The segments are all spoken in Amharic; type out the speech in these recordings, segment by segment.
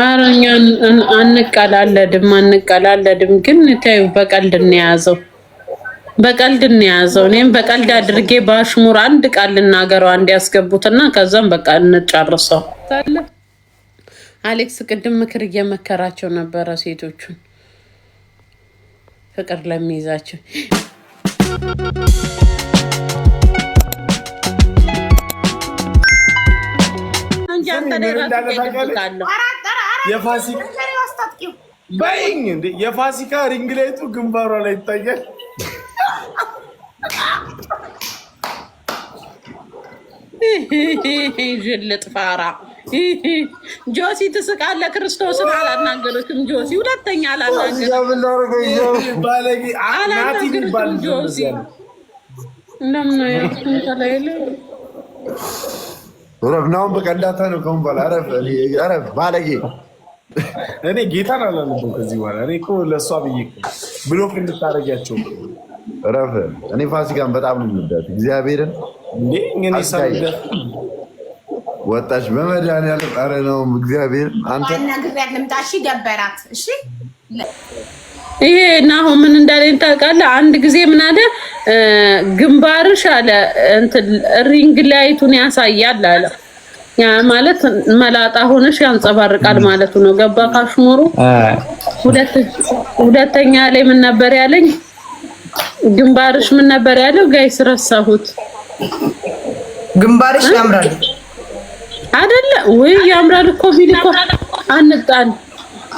ኧረ እኛ አንቀላለድም አንቀላለድም፣ ግን ተይው፣ በቀልድ እንያዘው፣ በቀልድ እንያዘው። እኔም በቀልድ አድርጌ በአሽሙር አንድ ቃል ልናገረው፣ አንድ ያስገቡትና ከዛም በቃ እንጨርሰው። አሌክስ ቅድም ምክር እየመከራቸው ነበረ ሴቶቹን ፍቅር ለሚይዛቸው እንጂ አንተ ላይ ራሱ የፋሲካ ሪንግ ግንባሯ ላይ ይታያል። ዥልጥ ፋራ ጆሲ ትስቃለ። ክርስቶስን አላናገርክም ጆሲ፣ ሁለተኛ አላናገርክም ጆሲ። እንደምን ተለይለ ረብናውን በቀዳታ ነው ከሁን በላ ባለጌ እኔ ጌታን አላለብም ከዚህ በኋላ እኔ እኮ ለእሷ ብዬ ብሎክ እንድታደርጊያቸው ረፍ እኔ ፋሲካን በጣም ነው የምወዳት። እግዚአብሔርን ወጣች በመድኃኒዓለም ኧረ ነው እግዚአብሔር አንተ ልምጣሽ እሺ ይሄ እና አሁን ምን እንዳለኝ ታውቃለህ? አንድ ጊዜ ምን አለ ግንባርሽ አለ እንትን ሪንግ ላይቱን ያሳያል አለ ማለት መላጣ ሆነሽ ያንጸባርቃል ማለቱ ነው። ገባ ካሽሙሩ። ሁለተኛ ላይ ምን ነበር ያለኝ? ግንባርሽ ምን ነበር ያለው? ጋይስ ረሳሁት። ግንባርሽ ያምራል አይደለ ወይ? ያምራል እኮ ቢል እኮ አንጣል።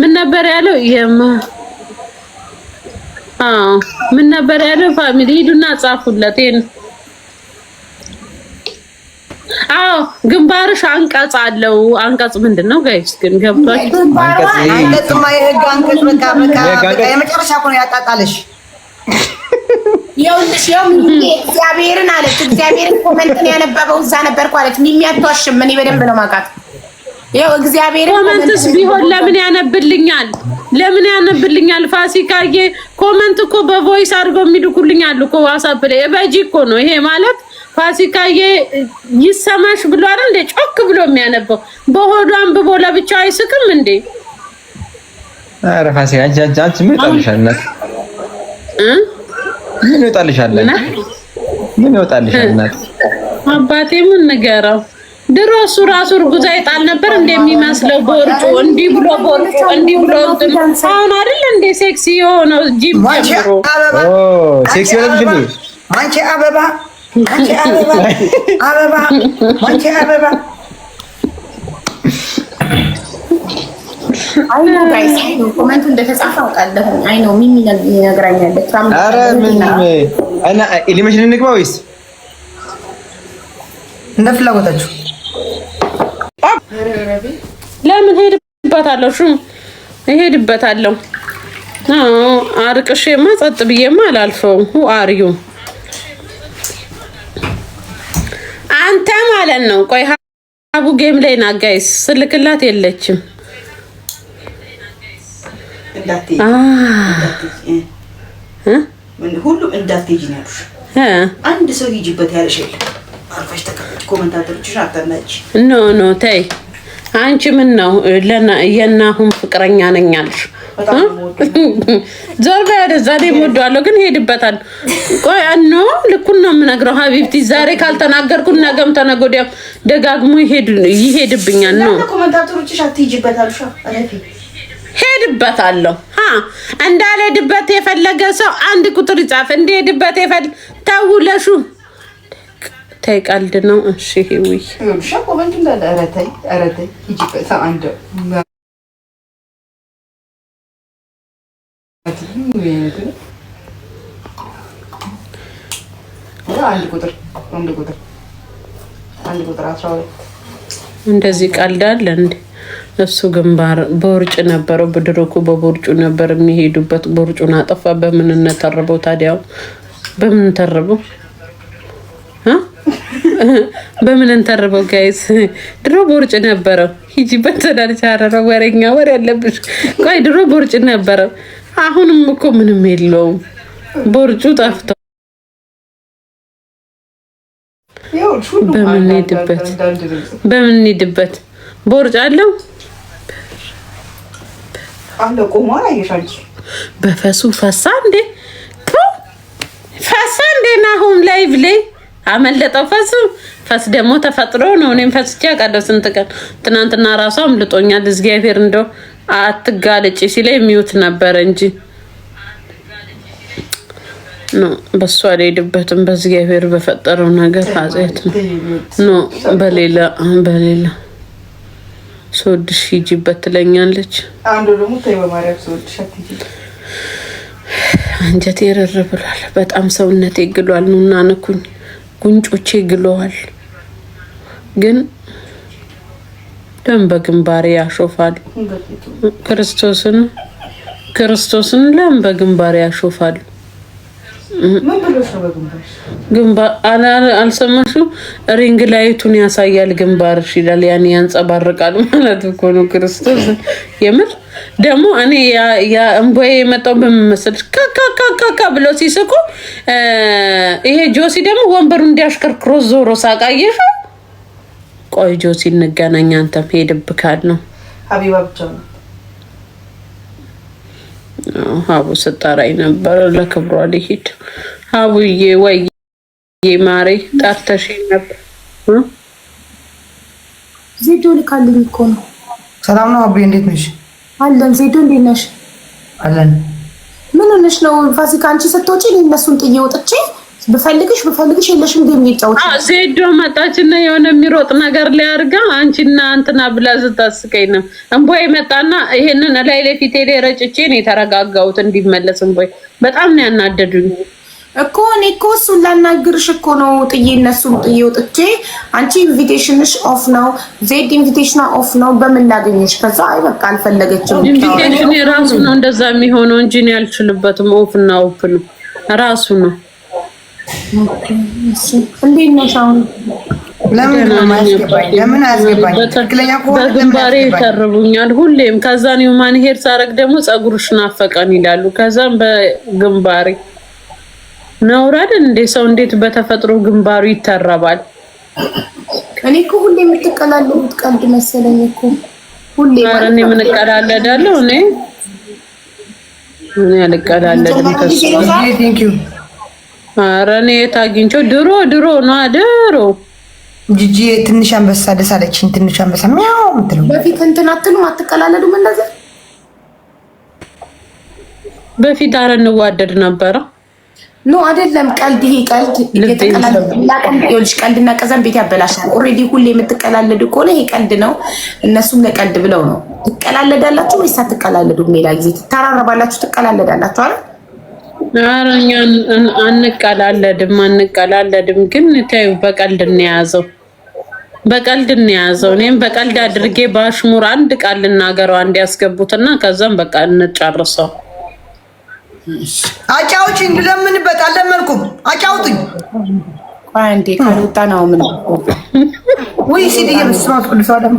ምን ነበር ያለው? የማ አዎ ምን ነበር ያለው? ፋሚሊ ሂዱና ጻፉለት ይሄን አዎ ግንባርሽ አንቀጽ አለው። አንቀጽ ምንድን ነው ጋይስ? ግን ገብቷችሁ? አንቀጽ የህግ አንቀጽ በቃ በቃ የመጨረሻ እኮ ነው ያጣጣልሽ። ይኸውልሽ ይኸው ሚሚ እግዚአብሔርን አለች። እግዚአብሔርን ኮመንትን ያነበበው እዛ ነበርኩ አለች። ሚሚ አትዋሽም። እኔ በደንብ ነው የማውቃት። ያው እግዚአብሔር ኮመንትስ ቢሆን ለምን ያነብልኛል? ለምን ያነብልኛል? ፋሲካዬ ኮመንት እኮ በቮይስ አድርገው የሚልኩልኛል እኮ ዋትስአፕ ላይ በጂ እኮ ነው ይሄ ማለት ፋሲካዬ ይሰማሽ ብሎ አይደል እንዴ ጮክ ብሎ የሚያነበው? በሆዱ አንብቦ ለብቻው አይስቅም እንዴ? አረ ፋሲካ አንቺ አንቺ ምን ይወጣልሻል? ምን ይወጣልሻል? ምን ይወጣልሻል? አባቴ ምን ንገረው? ድሮ እሱ ራሱ እርጉዝ አይጣል ነበር እንደሚመስለው ቦርጩ እንዲህ ብሎ ቦርጩ እንዲህ ብሎ አሁን አይደል እንዴ ሴክሲ የሆነው ጂም ጀምሮ ሴክሲ ሆነ ማንቺ አበባ አበባ አንቺ አበባ ኮመንቱ እንደተጻፈ አውቃለሁ። አይ ኢሊሜሽን እንግባ ወይስ እንደ ፍላጎታችሁ ለምን ሄድበታለሁ? ሹም አርቅሼማ ጸጥ ብዬማ አላልፈው አርዩ ማለት ነው። ቆይ ሀቡ ጌም ላይ ና ጋይስ፣ ስልክላት የለችም። ሁሉም እንዳትሄጂ ነው ያሉሽ። አንድ ሰው ሂጂበት ያለሽ የለም። አርፋሽ ተቀመጭ። ኮመንታተሮችሽን አታናጭ። ኖ ኖ ተይ አንቺ ምን ነው የናሁም ፍቅረኛ ነኝ አልሽ ዞርባ ወደዛ ወደዋለሁ፣ ግን ሄድበታል። ቆይ አኖ ልኩን ነው የምነግረው። ሀቢብቲ ዛሬ ካልተናገርኩን ነገም ተነገ ወዲያም ደጋግሞ ይሄድብኛል ነው ሄድበታለሁ እንዳልሄድበት የፈለገ ሰው አንድ ቁጥር ይጻፍ። እንደሄድበት የፈለ ተው ለሹ ተይ፣ ቀልድ ነው። እሺ ይሄ ውይ እንደዚህ ቀልዳለ እንዴ? እሱ ግንባር በውርጭ ነበረው። ብድሮ እኮ በቦርጩ ነበር የሚሄዱበት። ቦርጩን አጠፋ። በምን እንተርበው ታዲያ? በምን እንተርበው? በምን እንተርበው? ጋይስ ድሮ ቦርጭ ነበረው። ሂጂበት ተዳልቻ። ወሬኛ፣ ወሬ ያለብሽ። ቆይ ድሮ ቦርጭ ነበረው። አሁንም እኮ ምንም የለውም ቦርጩ ጠፍቶ በምንሄድበት በምንሄድበት ቦርጭ አለው። በፈሱ ፈሳ እንዴ ፈሳ እንዴ ናሁም ላይቭ ላይ አመለጠው ፈሱ ፈስ ደግሞ ተፈጥሮ ነው። እኔም ፈስቼ አውቃለሁ ስንት ቀን ትናንትና ራሱ አምልጦኛል። እግዚአብሔር እንደው አትጋለጭ ሲለኝ ሚውት ነበር እንጂ ኖ በሱ አልሄድበትም። በእግዚአብሔር በፈጠረው ነገር አጽያት ነው። ኖ በሌላ በሌላ ስወድሽ ሂጂበት ትለኛለች። አንጀቴ ረር ብሏል። በጣም ሰውነቴ ግሏል። ኑና ነኩኝ። ጉንጮቼ ግለዋል ግን ለምን በግንባሬ ያሾፋል። ክርስቶስን ክርስቶስን ለምን በግንባሬ ያሾፋል። ግንባር አልሰማሽም? ሪንግ ላይቱን ያሳያል ግንባርሽ ይላል። ያን ያንጸባርቃል ማለት እኮ ነው። ክርስቶስ የምር ደግሞ እኔ እንቦዬ የመጣው በምመስል ካካካካካ ብለው ሲስቁ፣ ይሄ ጆሲ ደግሞ ወንበሩ እንዲያሽከርክሮ ዞሮ ሳቃየሽ ቆይ ጆሲ እንገናኝ። አንተም ሄድብካል ነው ሀቢባ ብቻ ነው ሀቡ ስጠራኝ ነበረ። ለክብሯ ሊሄድ ሀቡዬ ወይዬ ማሬ ጠርተሽ ነበር። ዜዶ ልካልኝ እኮ ነው። ሰላም ነው አቡዬ፣ እንዴት ነሽ? አለን። ዜዶ እንዴት ነሽ? አለን። ምን ሆነሽ ነው ፋሲካ? አንቺ ስትወጪ እኔ እነሱን ጥዬ ወጥቼ ብፈልግሽ ብፈልግሽ የለሽም። ግን ይጫወት ዜዶ መጣችና የሆነ የሚሮጥ ነገር ሊያርጋ አንቺና እንትና ብላ ስታስቀኝ ነው። እንቦይ መጣና ይሄንን ላይ ለፊቴ ላይ ረጭቼ ነው የተረጋጋሁት እንዲመለስ። እንቦይ በጣም ነው ያናደዱኝ እኮ እኔ እኮ እሱን ላናግርሽ እኮ ነው ጥዬ እነሱን ጥዬ ወጥቼ፣ አንቺ ኢንቪቴሽንሽ ኦፍ ነው፣ ዜድ ኢንቪቴሽን ኦፍ ነው፣ በምን ላገኘሽ? ከዛ አይ በቃ አልፈለገችም። ኢንቪቴሽን የራሱ ነው እንደዛ የሚሆነው እንጂ እኔ አልችልበትም። ኦፍ እና ኦፍ ነው ራሱ ነው እንዴት ነው ሳሁን? በግንባሬ ይተርቡኛል ሁሌም። ከዛን ዩማን ሄድ ሳረግ ደግሞ ጸጉርሽ ናፈቀን ይላሉ። ከዛም በግንባሬ ነውር አይደል ሰው እንዴት በተፈጥሮ ግንባሩ ይተረባል? እኔ እኮ ሁሌ የምትቀላለሉት ቀልድ መሰለኝ እኮ ሁሌ ማለት ነው የምንቀላለዳለው። እኔ እኔ አልቀላለድም ከሱ ኧረ እኔ የት አግኝቼው ድሮ ድሮ ነው ድሮ ጂጂ ትንሽ አንበሳ ደስ አለችኝ። ትንሽ አንበሳ ሚያው ምትለው በፊት እንትን አትሉም አትቀላለዱም? እንደዚህ በፊት አረ እንዋደድ ነበረ። ኖ አይደለም፣ ቀልድ ይሄ ቀልድ የተቀላለዱልሽ ቀልድና ቀዘን ቤት ያበላሻል። ኦልሬዲ ሁሌ የምትቀላለዱ ከሆነ ይሄ ቀልድ ነው። እነሱም ለቀልድ ብለው ነው። ትቀላለዳላችሁ ወይስ አትቀላለዱም? ሌላ ጊዜ ትተራረባላችሁ፣ ትቀላለዳላችሁ አይደል ኧረ እኛ አንቀላለድም አንቀላለድም፣ ግን ተይው፣ በቀልድ እንያዘው፣ በቀልድ እንያዘው። እኔም በቀልድ አድርጌ በአሽሙር አንድ ቃል ልናገረው፣ አንድ ያስገቡትና ከዛም በቃ እንጨርሰው። አጫውጪኝ ብለምንበት አልለመድኩም። አጫውጡኝ አንዴ ካልወጣ ነው ምን ወይ ሲዲየም ስማት ቅዱሳ ደግሞ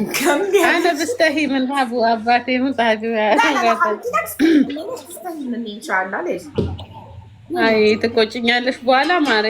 أنا بستحي من أبو أباتي من صاحبي أي تቆጭኛለሽ በኋላ ማሬ